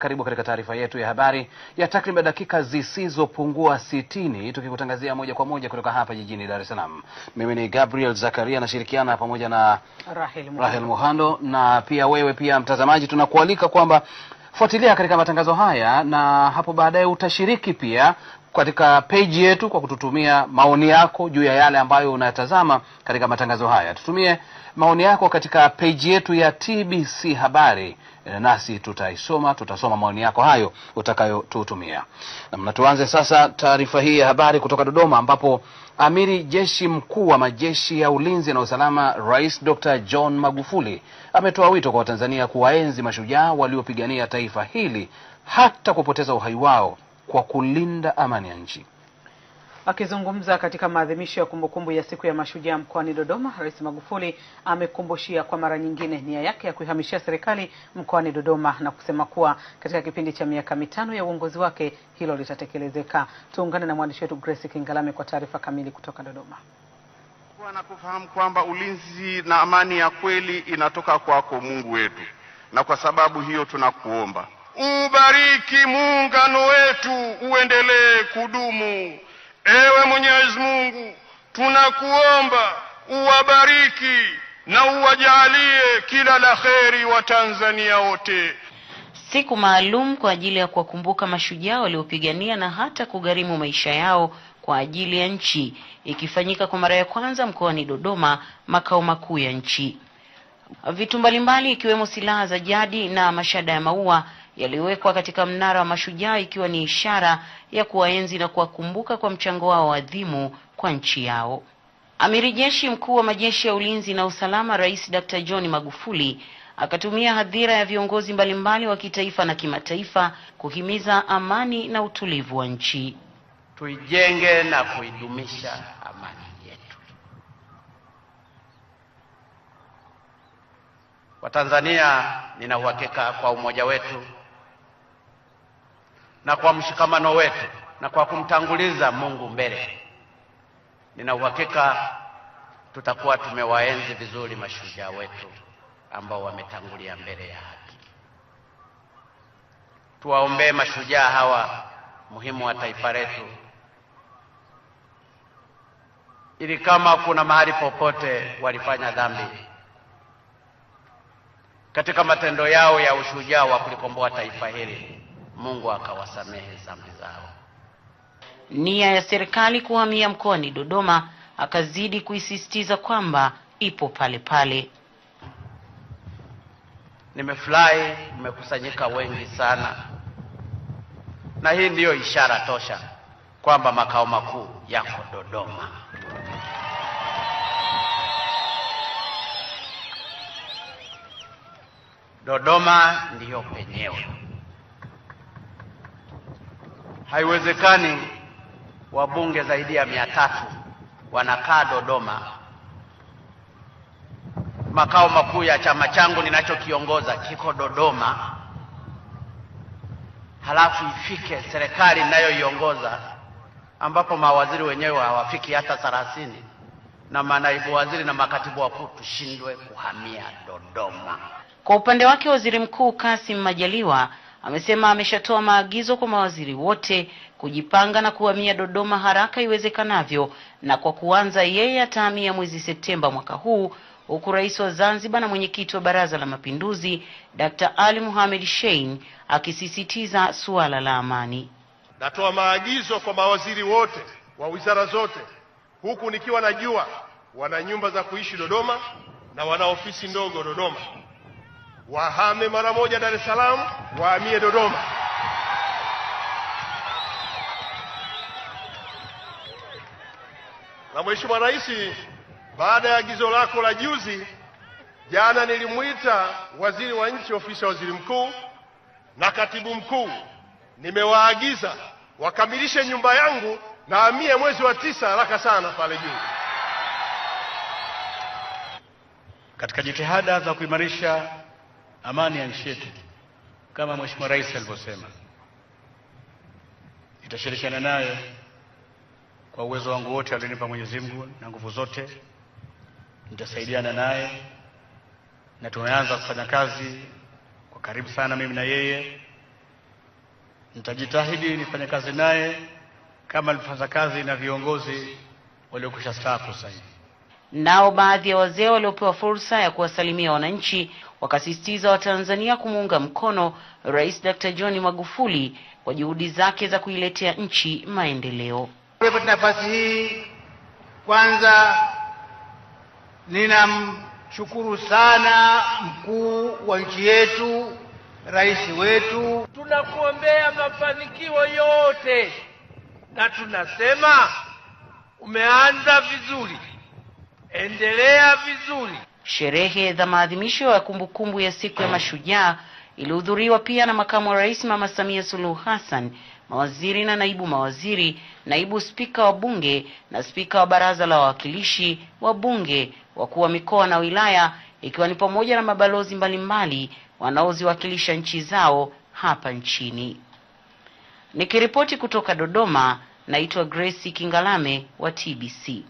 Karibu katika taarifa yetu ya habari ya takriban dakika zisizopungua sitini tukikutangazia moja kwa moja kutoka hapa jijini Dar es Salaam. Mimi ni Gabriel Zakaria, nashirikiana pamoja na Rahel, Rahel Muhando na pia wewe pia mtazamaji, tunakualika kwamba fuatilia katika matangazo haya na hapo baadaye utashiriki pia katika peji yetu kwa kututumia maoni yako juu ya yale ambayo unayatazama katika matangazo haya. Tutumie maoni yako katika peji yetu ya TBC Habari, e, nasi tutaisoma, tutasoma maoni yako hayo utakayotutumia. Namna tuanze sasa taarifa hii ya habari kutoka Dodoma, ambapo amiri jeshi mkuu wa majeshi ya ulinzi na usalama, Rais Dr. John Magufuli ametoa wito kwa Watanzania kuwaenzi mashujaa waliopigania taifa hili hata kupoteza uhai wao kwa kulinda amani ya nchi. Akizungumza katika maadhimisho ya kumbukumbu ya siku ya mashujaa mkoani Dodoma, Rais Magufuli amekumbushia kwa mara nyingine nia yake ya kuihamishia serikali mkoani Dodoma na kusema kuwa katika kipindi cha miaka mitano ya uongozi wake hilo litatekelezeka. Tuungane na mwandishi wetu Grace Kingalame kwa taarifa kamili kutoka Dodoma. Kuwa na kufahamu kwamba ulinzi na amani ya kweli inatoka kwako Mungu wetu, na kwa sababu hiyo tunakuomba ubariki muungano wetu uendelee kudumu. Ewe Mwenyezi Mungu, tunakuomba uwabariki na uwajalie kila la kheri wa Tanzania wote. Siku maalum kwa ajili ya kuwakumbuka mashujaa waliopigania na hata kugharimu maisha yao kwa ajili ya nchi ikifanyika kwa mara ya kwanza mkoani Dodoma, makao makuu ya nchi. Vitu mbalimbali ikiwemo silaha za jadi na mashada ya maua yaliwekwa katika mnara wa Mashujaa ikiwa ni ishara ya kuwaenzi na kuwakumbuka kwa mchango wao adhimu kwa nchi yao. Amiri jeshi mkuu wa majeshi ya ulinzi na usalama, Rais d John Magufuli akatumia hadhira ya viongozi mbalimbali wa kitaifa na kimataifa kuhimiza amani na utulivu wa nchi. Tuijenge na kuidumisha amani yetu. Watanzania, ninauhakika kwa umoja wetu na kwa mshikamano wetu na kwa kumtanguliza Mungu mbele, nina uhakika tutakuwa tumewaenzi vizuri mashujaa wetu ambao wametangulia mbele ya haki. Tuwaombee mashujaa hawa muhimu wa taifa letu, ili kama kuna mahali popote walifanya dhambi katika matendo yao ya ushujaa wa kulikomboa taifa hili Mungu akawasamehe dhambi zao. Nia ya serikali kuhamia mkoani Dodoma, akazidi kuisisitiza kwamba ipo pale pale. Nimefurahi mmekusanyika wengi sana, na hii ndiyo ishara tosha kwamba makao makuu yako Dodoma. Dodoma ndiyo penyewe. Haiwezekani wabunge zaidi ya mia tatu wanakaa Dodoma, makao makuu ya chama changu ninachokiongoza kiko Dodoma, halafu ifike serikali ninayoiongoza ambapo mawaziri wenyewe hawafiki hata thelathini na manaibu waziri na makatibu wakuu, tushindwe kuhamia Dodoma. Kwa upande wake, waziri mkuu Kassim Majaliwa amesema ameshatoa maagizo kwa mawaziri wote kujipanga na kuhamia Dodoma haraka iwezekanavyo, na kwa kuanza yeye atahamia mwezi Septemba mwaka huu, huku rais wa Zanzibar na mwenyekiti wa Baraza la Mapinduzi Dr. Ali Mohamed Shein akisisitiza suala la amani. Natoa maagizo kwa mawaziri wote wa wizara zote, huku nikiwa najua wana nyumba za kuishi Dodoma na wana ofisi ndogo Dodoma wahame mara moja Dar es Salaam wahamie Dodoma. Na Mheshimiwa Rais, baada ya agizo lako la juzi, jana nilimwita waziri wa nchi ofisi ya waziri mkuu na katibu mkuu, nimewaagiza wakamilishe nyumba yangu na mwezi wa tisa haraka sana pale juu. Katika jitihada za kuimarisha amani ya nchi yetu kama Mheshimiwa Rais alivyosema, nitashirikiana naye kwa uwezo wangu wote alionipa Mwenyezi Mungu na nguvu zote, nitasaidiana naye na tumeanza kufanya kazi kwa karibu sana, mimi na yeye. Nitajitahidi nifanye kazi naye kama nilifanya kazi na viongozi waliokwisha staafu sasa hivi. Nao baadhi ya wazee waliopewa fursa ya kuwasalimia wananchi wakasisitiza Watanzania kumuunga mkono Rais Dr. John Magufuli kwa juhudi zake za kuiletea nchi maendeleo. Kwa nafasi hii, kwanza ninamshukuru sana mkuu wa nchi yetu, rais wetu. Tunakuombea mafanikio yote na tunasema umeanza vizuri, endelea vizuri. Sherehe za maadhimisho ya kumbukumbu ya siku ya mashujaa ilihudhuriwa pia na makamu wa rais Mama Samia Suluhu Hassan, mawaziri na naibu mawaziri, naibu spika wa bunge na spika wa baraza la wawakilishi wa bunge, wakuu wa mikoa na wilaya, ikiwa ni pamoja na mabalozi mbalimbali wanaoziwakilisha nchi zao hapa nchini. Nikiripoti kutoka Dodoma, naitwa Grace Kingalame wa TBC.